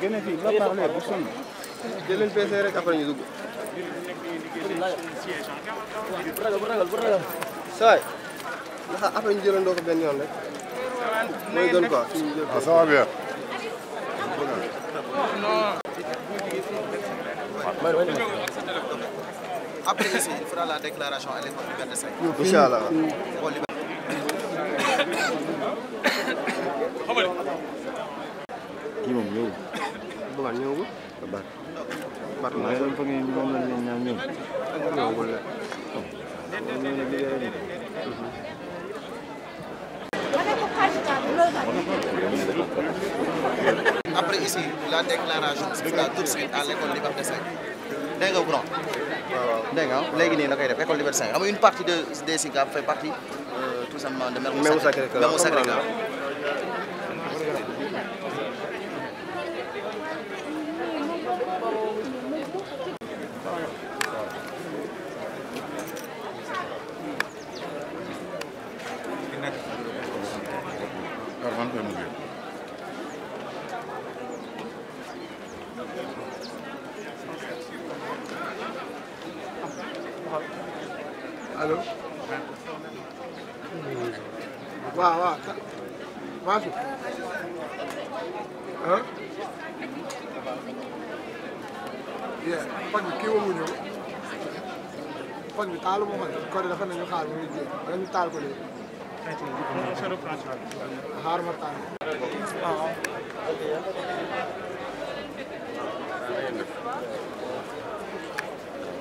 génne fii ba parler bu sonn. ñu dugg. bu ragal bu ragal bu ragal. saa yi ndax après ko benn yoon rek. mooy gën quoi. waaw après ici il fera la déclaration à l'école Liberté 5. incha allah. kii moom ñëwul. Bougane ñëwul. Ba Ba. waaw yéen foog ngeen moom la ñu naan ñëw. ñëwul la. après ici la déclaration se fera tout de suite à l'école Liberté 5. dégg nga courant dégg nga léegi nii la koy def école Liberté 5 une partie de des SICAP fait partie tout simplement de Mermoz Sacré-Cœur Mermoz Sacré-Cœur Gracias. allo waaw waaw Mansour ah bien fan bi kii woowu ñëw fan bi taalu ma fan ko dafa nañu xaar mu ngi jéem wala ñu taal ko léegi xaar ma taal waaw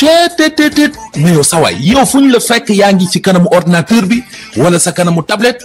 cheetetetet mais yow sawaay yow fu la fekk yaa ngi ci kanamu ordinateur bi wala sa kanamu tablette